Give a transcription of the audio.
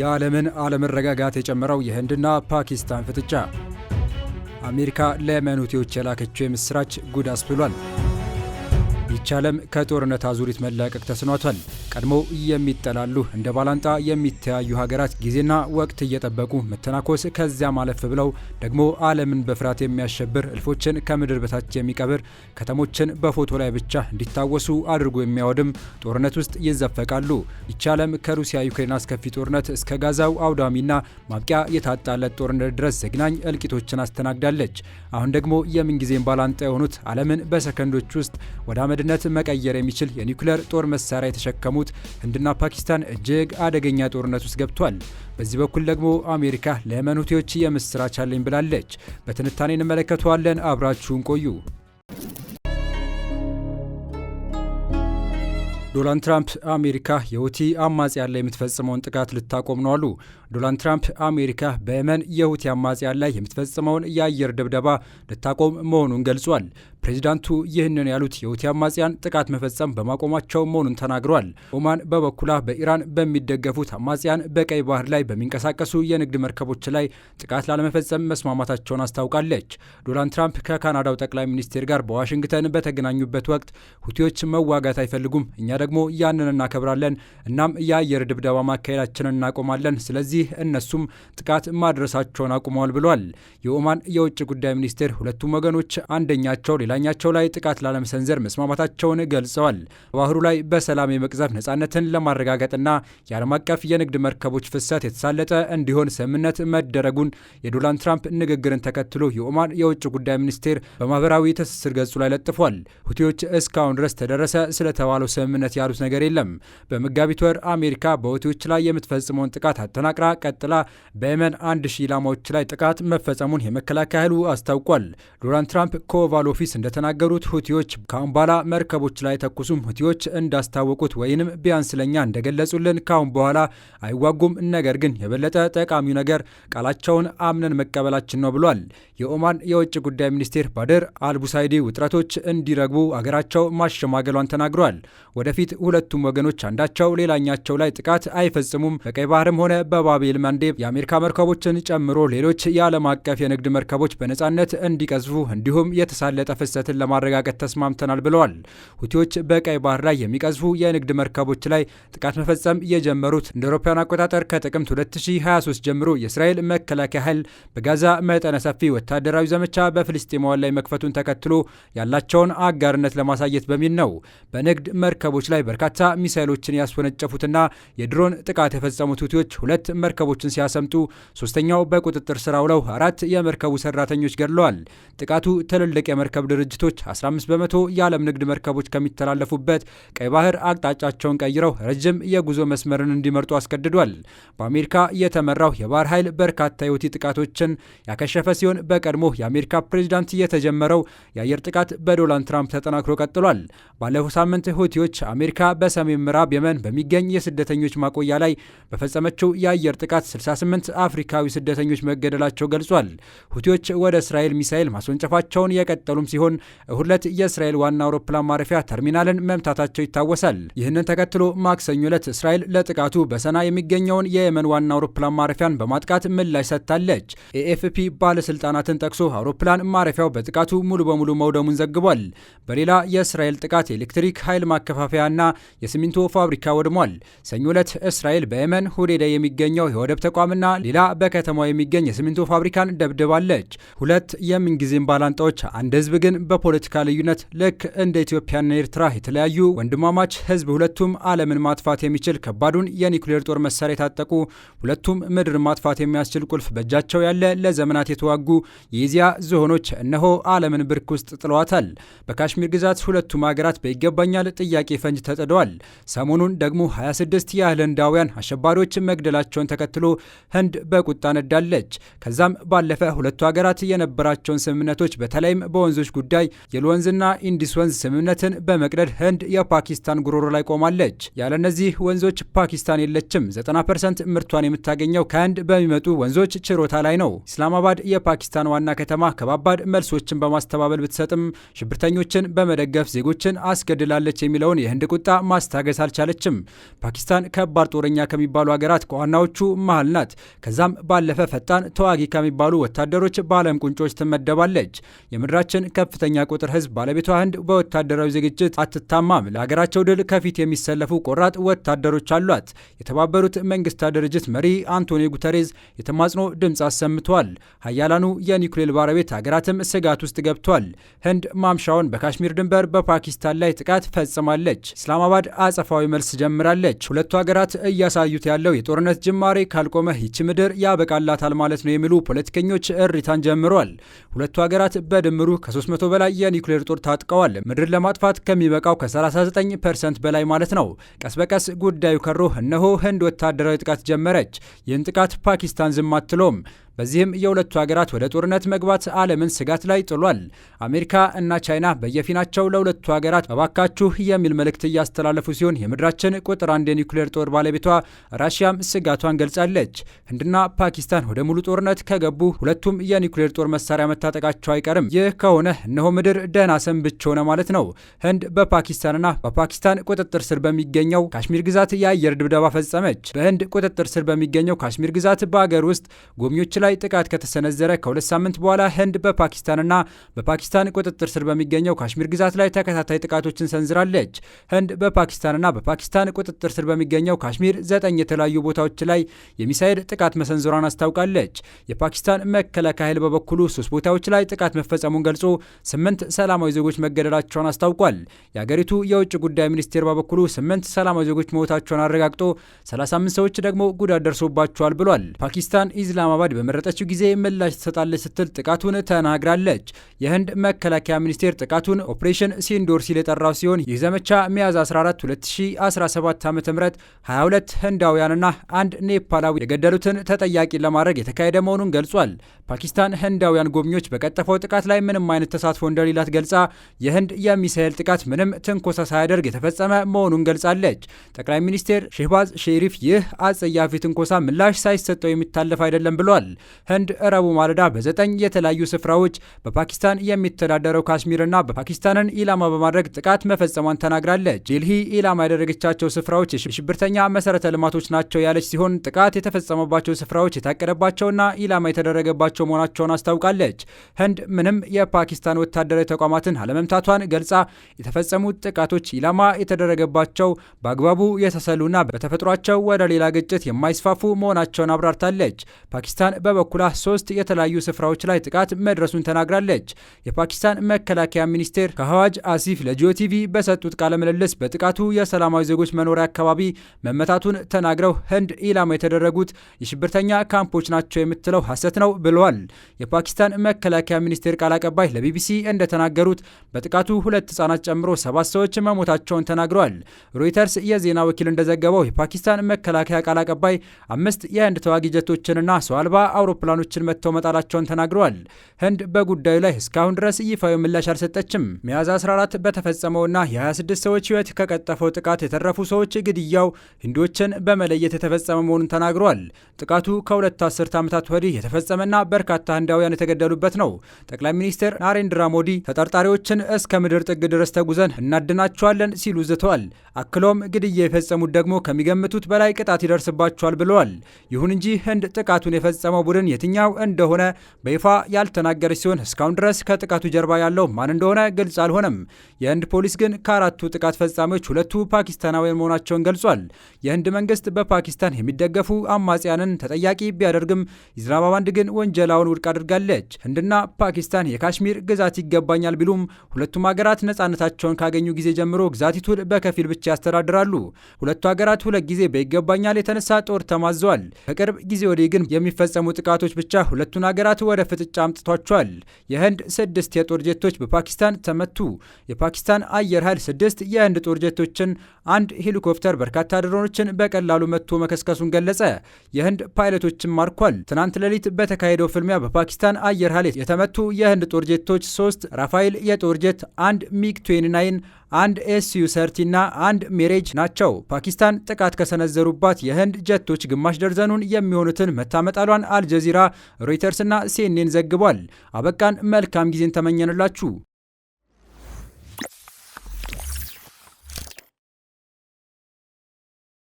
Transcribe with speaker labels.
Speaker 1: የዓለምን አለመረጋጋት የጨመረው የህንድና ፓኪስታን ፍጥጫ። አሜሪካ ለየመን ሁቲዎች የላከችው የምሥራች ጉድ አስብሏል። ይህች ዓለም ከጦርነት አዙሪት መላቀቅ ተስኗቷል። ቀድሞ የሚጠላሉ እንደ ባላንጣ የሚተያዩ ሀገራት ጊዜና ወቅት እየጠበቁ መተናኮስ፣ ከዚያ አለፍ ብለው ደግሞ ዓለምን በፍርሃት የሚያሸብር እልፎችን ከምድር በታች የሚቀብር ከተሞችን በፎቶ ላይ ብቻ እንዲታወሱ አድርጎ የሚያወድም ጦርነት ውስጥ ይዘፈቃሉ። ይህች ዓለም ከሩሲያ ዩክሬን አስከፊ ጦርነት እስከ ጋዛው አውዳሚና ማብቂያ የታጣለት ጦርነት ድረስ ዘግናኝ እልቂቶችን አስተናግዳለች። አሁን ደግሞ የምንጊዜም ባላንጣ የሆኑት ዓለምን በሰከንዶች ውስጥ ወደ አመድነት ጦርነት መቀየር የሚችል የኒውክሌር ጦር መሳሪያ የተሸከሙት ህንድና ፓኪስታን እጅግ አደገኛ ጦርነት ውስጥ ገብቷል። በዚህ በኩል ደግሞ አሜሪካ ለየመን ሁቲዎች የምስራች አለኝ ብላለች። በትንታኔ እንመለከተዋለን። አብራችሁን ቆዩ። ዶናልድ ትራምፕ አሜሪካ የሁቲ አማጽያን ላይ የምትፈጽመውን ጥቃት ልታቆም ነው አሉ። ዶናልድ ትራምፕ አሜሪካ በየመን የሁቲ አማጽያን ላይ የምትፈጽመውን የአየር ድብደባ ልታቆም መሆኑን ገልጿል። ፕሬዚዳንቱ ይህንን ያሉት የሁቲ አማጽያን ጥቃት መፈጸም በማቆማቸው መሆኑን ተናግሯል። ኦማን በበኩላ በኢራን በሚደገፉት አማጽያን በቀይ ባህር ላይ በሚንቀሳቀሱ የንግድ መርከቦች ላይ ጥቃት ላለመፈጸም መስማማታቸውን አስታውቃለች። ዶናልድ ትራምፕ ከካናዳው ጠቅላይ ሚኒስቴር ጋር በዋሽንግተን በተገናኙበት ወቅት ሁቲዎች መዋጋት አይፈልጉም፣ እኛ ደግሞ ያንን እናከብራለን። እናም የአየር ድብደባ ማካሄዳችንን እናቆማለን። ስለዚህ ስለዚህ እነሱም ጥቃት ማድረሳቸውን አቁመዋል ብሏል። የኦማን የውጭ ጉዳይ ሚኒስቴር ሁለቱም ወገኖች አንደኛቸው ሌላኛቸው ላይ ጥቃት ላለመሰንዘር መስማማታቸውን ገልጸዋል። ባህሩ ላይ በሰላም የመቅዘፍ ነጻነትን ለማረጋገጥና የዓለም አቀፍ የንግድ መርከቦች ፍሰት የተሳለጠ እንዲሆን ስምምነት መደረጉን የዶናልድ ትራምፕ ንግግርን ተከትሎ የኦማን የውጭ ጉዳይ ሚኒስቴር በማህበራዊ ትስስር ገጹ ላይ ለጥፏል። ሁቲዎች እስካሁን ድረስ ተደረሰ ስለተባለው ስምምነት ያሉት ነገር የለም። በመጋቢት ወር አሜሪካ በሁቲዎች ላይ የምትፈጽመውን ጥቃት አጠናቅራል ቀጥላ በየመን አንድ ሺህ ኢላማዎች ላይ ጥቃት መፈጸሙን የመከላከያ ኃይሉ አስታውቋል። ዶናልድ ትራምፕ ከኦቫል ኦፊስ እንደተናገሩት ሁቲዎች ከአሁን በኋላ መርከቦች ላይ ተኩሱም ሁቲዎች እንዳስታወቁት ወይንም ቢያንስ ለኛ እንደገለጹልን ከአሁን በኋላ አይዋጉም፣ ነገር ግን የበለጠ ጠቃሚው ነገር ቃላቸውን አምነን መቀበላችን ነው ብሏል። የኦማን የውጭ ጉዳይ ሚኒስቴር ባድር አልቡሳይዲ ውጥረቶች እንዲረግቡ አገራቸው ማሸማገሏን ተናግሯል። ወደፊት ሁለቱም ወገኖች አንዳቸው ሌላኛቸው ላይ ጥቃት አይፈጽሙም፣ በቀይ ባህርም ሆነ በባ ሮባቤል ማንዴብ የአሜሪካ መርከቦችን ጨምሮ ሌሎች የዓለም አቀፍ የንግድ መርከቦች በነጻነት እንዲቀዝፉ እንዲሁም የተሳለጠ ፍሰትን ለማረጋገጥ ተስማምተናል ብለዋል። ሁቲዎች በቀይ ባህር ላይ የሚቀዝፉ የንግድ መርከቦች ላይ ጥቃት መፈጸም የጀመሩት እንደ አውሮፓውያን አቆጣጠር ከጥቅምት 2023 ጀምሮ የእስራኤል መከላከያ ኃይል በጋዛ መጠነ ሰፊ ወታደራዊ ዘመቻ በፍልስጤማውያን ላይ መክፈቱን ተከትሎ ያላቸውን አጋርነት ለማሳየት በሚል ነው። በንግድ መርከቦች ላይ በርካታ ሚሳይሎችን ያስወነጨፉትና የድሮን ጥቃት የፈጸሙት ሁቲዎች ሁለት መርከቦችን ሲያሰምጡ፣ ሶስተኛው በቁጥጥር ስር አውለው አራት የመርከቡ ሰራተኞች ገድለዋል። ጥቃቱ ትልልቅ የመርከብ ድርጅቶች 15 በመቶ የዓለም ንግድ መርከቦች ከሚተላለፉበት ቀይ ባህር አቅጣጫቸውን ቀይረው ረጅም የጉዞ መስመርን እንዲመርጡ አስገድዷል። በአሜሪካ የተመራው የባህር ኃይል በርካታ የውቲ ጥቃቶችን ያከሸፈ ሲሆን በቀድሞ የአሜሪካ ፕሬዚዳንት የተጀመረው የአየር ጥቃት በዶናልድ ትራምፕ ተጠናክሮ ቀጥሏል። ባለፈው ሳምንት ሁቲዎች አሜሪካ በሰሜን ምዕራብ የመን በሚገኝ የስደተኞች ማቆያ ላይ በፈጸመችው የአየር የአየር ጥቃት 68 አፍሪካዊ ስደተኞች መገደላቸው ገልጿል። ሁቲዎች ወደ እስራኤል ሚሳኤል ማስወንጨፋቸውን የቀጠሉም ሲሆን እሁድ ዕለት የእስራኤል ዋና አውሮፕላን ማረፊያ ተርሚናልን መምታታቸው ይታወሳል። ይህንን ተከትሎ ማክሰኞ ዕለት እስራኤል ለጥቃቱ በሰና የሚገኘውን የየመን ዋና አውሮፕላን ማረፊያን በማጥቃት ምላሽ ሰጥታለች። ኤኤፍፒ ባለስልጣናትን ጠቅሶ አውሮፕላን ማረፊያው በጥቃቱ ሙሉ በሙሉ መውደሙን ዘግቧል። በሌላ የእስራኤል ጥቃት የኤሌክትሪክ ኃይል ማከፋፈያና የሲሚንቶ ፋብሪካ ወድሟል። ሰኞ ዕለት እስራኤል በየመን ሁዴዳ የሚገኘው ያለው የወደብ ተቋምና ሌላ በከተማው የሚገኝ የሲሚንቶ ፋብሪካን ደብድባለች። ሁለት የምንጊዜም ባላንጣዎች፣ አንድ ህዝብ ግን በፖለቲካ ልዩነት ልክ እንደ ኢትዮጵያና ኤርትራ የተለያዩ ወንድማማች ህዝብ ሁለቱም ዓለምን ማጥፋት የሚችል ከባዱን የኒውክሌር ጦር መሳሪያ የታጠቁ ሁለቱም ምድር ማጥፋት የሚያስችል ቁልፍ በእጃቸው ያለ ለዘመናት የተዋጉ የዚያ ዝሆኖች እነሆ ዓለምን ብርክ ውስጥ ጥለዋታል። በካሽሚር ግዛት ሁለቱም ሀገራት በይገባኛል ጥያቄ ፈንጅ ተጥደዋል። ሰሞኑን ደግሞ 26 የህንዳውያን አሸባሪዎች መግደላቸውን ተከትሎ ህንድ በቁጣ ነዳለች። ከዛም ባለፈ ሁለቱ ሀገራት የነበራቸውን ስምምነቶች በተለይም በወንዞች ጉዳይ የሉ ወንዝና ኢንዲስ ወንዝ ስምምነትን በመቅደድ ህንድ የፓኪስታን ጉሮሮ ላይ ቆማለች። ያለ እነዚህ ወንዞች ፓኪስታን የለችም። 90 ፐርሰንት ምርቷን የምታገኘው ከህንድ በሚመጡ ወንዞች ችሮታ ላይ ነው። ኢስላማባድ የፓኪስታን ዋና ከተማ ከባባድ መልሶችን በማስተባበል ብትሰጥም ሽብርተኞችን በመደገፍ ዜጎችን አስገድላለች የሚለውን የህንድ ቁጣ ማስታገስ አልቻለችም። ፓኪስታን ከባድ ጦረኛ ከሚባሉ ሀገራት ከዋናዎቹ መሀል ናት። ከዛም ባለፈ ፈጣን ተዋጊ ከሚባሉ ወታደሮች በዓለም ቁንጮች ትመደባለች። የምድራችን ከፍተኛ ቁጥር ህዝብ ባለቤቷ ህንድ በወታደራዊ ዝግጅት አትታማም። ለሀገራቸው ድል ከፊት የሚሰለፉ ቆራጥ ወታደሮች አሏት። የተባበሩት መንግስታት ድርጅት መሪ አንቶኒ ጉተሬዝ የተማጽኖ ድምፅ አሰምተዋል። ሀያላኑ የኒውክሌር ባለቤት ሀገራትም ስጋት ውስጥ ገብቷል። ህንድ ማምሻውን በካሽሚር ድንበር በፓኪስታን ላይ ጥቃት ፈጽማለች። ኢስላማባድ አጸፋዊ መልስ ጀምራለች። ሁለቱ ሀገራት እያሳዩት ያለው የጦርነት ጅማ ጅማሬ ካልቆመ ይች ምድር ያበቃላታል ማለት ነው የሚሉ ፖለቲከኞች እሪታን ጀምረዋል። ሁለቱ ሀገራት በድምሩ ከ300 በላይ የኒውክሌር ጦር ታጥቀዋል። ምድር ለማጥፋት ከሚበቃው ከ39 ፐርሰንት በላይ ማለት ነው። ቀስ በቀስ ጉዳዩ ከሮ እነሆ ህንድ ወታደራዊ ጥቃት ጀመረች። ይህን ጥቃት ፓኪስታን ዝም አትሎም። በዚህም የሁለቱ ሀገራት ወደ ጦርነት መግባት ዓለምን ስጋት ላይ ጥሏል። አሜሪካ እና ቻይና በየፊናቸው ለሁለቱ ሀገራት እባካችሁ የሚል መልእክት እያስተላለፉ ሲሆን የምድራችን ቁጥር አንድ የኒውክሌር ጦር ባለቤቷ ራሽያም ስጋቷን ገልጻለች። ህንድና ፓኪስታን ወደ ሙሉ ጦርነት ከገቡ ሁለቱም የኒውክሌር ጦር መሳሪያ መታጠቃቸው አይቀርም። ይህ ከሆነ እነሆ ምድር ደህና ሰንብች ሆነ ማለት ነው። ህንድ በፓኪስታንና በፓኪስታን ቁጥጥር ስር በሚገኘው ካሽሚር ግዛት የአየር ድብደባ ፈጸመች። በህንድ ቁጥጥር ስር በሚገኘው ካሽሚር ግዛት በአገር ውስጥ ጎብኚዎች ላይ ላይ ጥቃት ከተሰነዘረ ከሁለት ሳምንት በኋላ ህንድ በፓኪስታንና በፓኪስታን ቁጥጥር ስር በሚገኘው ካሽሚር ግዛት ላይ ተከታታይ ጥቃቶችን ሰንዝራለች። ህንድ በፓኪስታንና በፓኪስታን ቁጥጥር ስር በሚገኘው ካሽሚር ዘጠኝ የተለያዩ ቦታዎች ላይ የሚሳይል ጥቃት መሰንዘሯን አስታውቃለች። የፓኪስታን መከላከያ ኃይል በበኩሉ ሶስት ቦታዎች ላይ ጥቃት መፈጸሙን ገልጾ ስምንት ሰላማዊ ዜጎች መገደላቸውን አስታውቋል። የአገሪቱ የውጭ ጉዳይ ሚኒስቴር በበኩሉ ስምንት ሰላማዊ ዜጎች መሞታቸውን አረጋግጦ 35 ሰዎች ደግሞ ጉዳት ደርሶባቸዋል ብሏል። ፓኪስታን ኢስላማባድ በምዕራብ በመረጠችው ጊዜ ምላሽ ትሰጣለች ስትል ጥቃቱን ተናግራለች። የህንድ መከላከያ ሚኒስቴር ጥቃቱን ኦፕሬሽን ሲንዶር ሲል የጠራው ሲሆን ይህ ዘመቻ ሚያዝ 14 2017 ዓ ም 22 ህንዳውያንና አንድ ኔፓላዊ የገደሉትን ተጠያቂ ለማድረግ የተካሄደ መሆኑን ገልጿል። ፓኪስታን ህንዳውያን ጎብኚዎች በቀጠፈው ጥቃት ላይ ምንም አይነት ተሳትፎ እንደሌላት ገልጻ የህንድ የሚሳኤል ጥቃት ምንም ትንኮሳ ሳያደርግ የተፈጸመ መሆኑን ገልጻለች። ጠቅላይ ሚኒስቴር ሼህባዝ ሼሪፍ ይህ አጸያፊ ትንኮሳ ምላሽ ሳይሰጠው የሚታለፍ አይደለም ብሏል። ህንድ ረቡ ማለዳ በዘጠኝ የተለያዩ ስፍራዎች በፓኪስታን የሚተዳደረው ካሽሚርና በፓኪስታንን ኢላማ በማድረግ ጥቃት መፈጸሟን ተናግራለች። ዴልሂ ኢላማ ያደረገቻቸው ስፍራዎች የሽብርተኛ መሰረተ ልማቶች ናቸው ያለች ሲሆን ጥቃት የተፈጸመባቸው ስፍራዎች የታቀደባቸውና ኢላማ የተደረገባቸው መሆናቸውን አስታውቃለች። ህንድ ምንም የፓኪስታን ወታደራዊ ተቋማትን አለመምታቷን ገልጻ የተፈጸሙት ጥቃቶች ኢላማ የተደረገባቸው በአግባቡ የተሰሉና በተፈጥሯቸው ወደ ሌላ ግጭት የማይስፋፉ መሆናቸውን አብራርታለች። ፓኪስታን በበኩሏ ሶስት የተለያዩ ስፍራዎች ላይ ጥቃት መድረሱን ተናግራለች። የፓኪስታን መከላከያ ሚኒስቴር ከሀዋጅ አሲፍ ለጂኦ ቲቪ በሰጡት ቃለ ምልልስ በጥቃቱ የሰላማዊ ዜጎች መኖሪያ አካባቢ መመታቱን ተናግረው ህንድ ኢላማ የተደረጉት የሽብርተኛ ካምፖች ናቸው የምትለው ሐሰት ነው ብለዋል። የፓኪስታን መከላከያ ሚኒስቴር ቃል አቀባይ ለቢቢሲ እንደተናገሩት በጥቃቱ ሁለት ህጻናት ጨምሮ ሰባት ሰዎች መሞታቸውን ተናግረዋል። ሮይተርስ የዜና ወኪል እንደዘገበው የፓኪስታን መከላከያ ቃል አቀባይ አምስት የህንድ ተዋጊ ጀቶችንና ሰው አልባ አውሮፕላኖችን መጥተው መጣላቸውን ተናግረዋል። ህንድ በጉዳዩ ላይ እስካሁን ድረስ ይፋዊ ምላሽ አልሰጠችም። ሚያዝያ 14 በተፈጸመውና የ26 ሰዎች ህይወት ከቀጠፈው ጥቃት የተረፉ ሰዎች ግድያው ህንዶችን በመለየት የተፈጸመ መሆኑን ተናግረዋል። ጥቃቱ ከሁለት አስርት ዓመታት ወዲህ የተፈጸመና በርካታ ህንዳውያን የተገደሉበት ነው። ጠቅላይ ሚኒስትር ናሬንድራ ሞዲ ተጠርጣሪዎችን እስከ ምድር ጥግ ድረስ ተጉዘን እናድናቸዋለን ሲሉ ዝተዋል። አክለውም ግድያ የፈጸሙት ደግሞ ከሚገምቱት በላይ ቅጣት ይደርስባቸዋል ብለዋል። ይሁን እንጂ ህንድ ጥቃቱን የፈጸመው ቡድን የትኛው እንደሆነ በይፋ ያልተናገረች ሲሆን እስካሁን ድረስ ከጥቃቱ ጀርባ ያለው ማን እንደሆነ ግልጽ አልሆነም። የህንድ ፖሊስ ግን ከአራቱ ጥቃት ፈጻሚዎች ሁለቱ ፓኪስታናውያን መሆናቸውን ገልጿል። የህንድ መንግስት በፓኪስታን የሚደገፉ አማጽያንን ተጠያቂ ቢያደርግም ኢስላማባንድ ግን ወንጀላውን ውድቅ አድርጋለች። ህንድና ፓኪስታን የካሽሚር ግዛት ይገባኛል ቢሉም ሁለቱም ሀገራት ነጻነታቸውን ካገኙ ጊዜ ጀምሮ ግዛቲቱን በከፊል ብቻ ያስተዳድራሉ። ሁለቱ ሀገራት ሁለት ጊዜ በይገባኛል የተነሳ ጦር ተማዘዋል። በቅርብ ጊዜ ወዲህ ግን የሚፈጸሙ ጥቃቶች ብቻ ሁለቱን ሀገራት ወደ ፍጥጫ አምጥቷቸዋል። የህንድ ስድስት የጦር ጀቶች በፓኪስታን ተመቱ። የፓኪስታን አየር ኃይል ስድስት የህንድ ጦር ጀቶችን፣ አንድ ሄሊኮፕተር በርካታ ድሮኖችን በቀላሉ መጥቶ መከስከሱን ገለጸ። የህንድ ፓይለቶችን ማርኳል። ትናንት ሌሊት በተካሄደው ፍልሚያ በፓኪስታን አየር ኃይል የተመቱ የህንድ ጦር ጀቶች ሶስት ራፋኤል የጦር ጀት፣ አንድ ሚግ 29 አንድ ኤስዩ ሰርቲና አንድ ሚሬጅ ናቸው። ፓኪስታን ጥቃት ከሰነዘሩባት የህንድ ጀቶች ግማሽ ደርዘኑን የሚሆኑትን መታመጣሏን አልጀዚራ፣ ሮይተርስና ሲኤንኤን ዘግቧል። አበቃን። መልካም ጊዜን ተመኘንላችሁ።